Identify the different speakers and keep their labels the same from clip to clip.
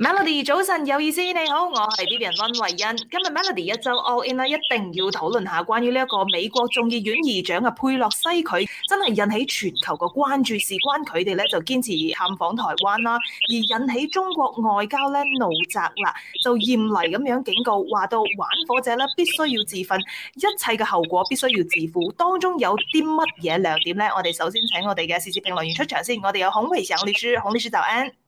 Speaker 1: Melody，早晨，有意思你好，我係 B B N 溫慧欣。今日 Melody 一周 All In 啦，一定要討論下關於呢一個美國眾議院議長嘅佩洛西，佢真係引起全球嘅關注，事關佢哋咧就堅持探訪台灣啦，而引起中國外交咧怒責啦，就嚴厲咁樣警告話到玩火者咧必須要自焚，一切嘅後果必須要自負。當中有啲乜嘢亮點咧？我哋首先請我哋嘅時事評論員出場先，我哋有孔維強律師，孔律師就安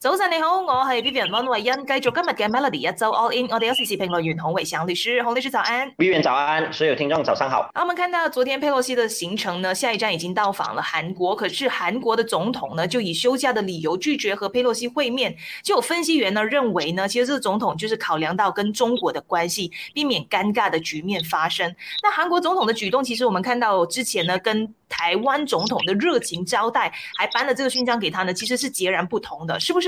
Speaker 1: 早晨你好，我係 Vivian 溫慧音，繼續今日嘅 Melody 一周 All In。我哋有時事評論員洪偉祥律師，洪律師早安。Vivian
Speaker 2: 早安，所有聽眾早上好，
Speaker 1: 好。我們看到昨天佩洛西的行程呢，下一站已經到訪了韓國，可是韓國的總統呢就以休假的理由拒絕和佩洛西會面。就有分析員呢認為呢，其實這個總統就是考量到跟中國的關係，避免尷尬的局面發生。那韓國總統的舉動，其實我們看到之前呢，跟台灣總統的熱情招待，還頒了這個勳章給他呢，其實是截然不同的，是不是？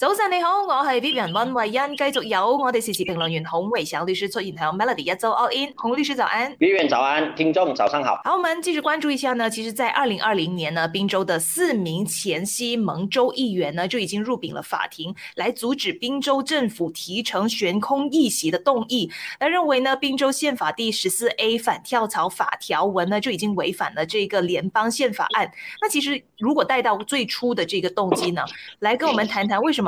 Speaker 1: 早晨你好，我係 Vivian 溫慧欣，繼續有我的時事評論員洪維祥律師出現響 Melody 一周 All In，洪律師早安。Vivian 早安，聽眾早上好。好，我們繼續關注一下呢，其實，在二零二零年呢，賓州的四名前希盟州議員呢就已經入禀了法庭，來阻止賓州政府提呈懸空議席的動議。那認為呢，賓州憲法第十四 A 反跳槽法條文呢就已經違反了這個聯邦憲法案。那其實如果帶到最初的這個動機呢，來跟我們談談為什麼。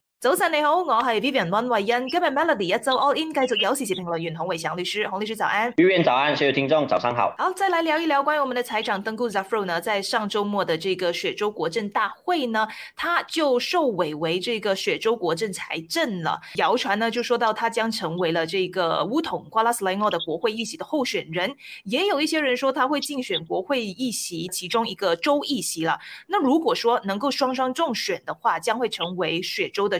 Speaker 1: 早晨你好，我係 Vivian 溫慧欣，今日 Melody 一周 all, all In 繼續有時事評論員洪偉祥律師，洪律師早安。Vivian
Speaker 2: 早安，所有聽眾早上好。
Speaker 1: 好，再來聊一聊關於我們的財長 Tengku Zafrul 呢，在上周末的這個雪州國陣大會呢，他就受委為這個雪州國陣財政了。謠傳呢就說到他將成為了這個巫統瓜拉斯萊諾的國會議席的候選人，也有一些人說他會競選國會議席其中一個州議席了。那如果說能夠雙雙中選的話，將會成為雪州的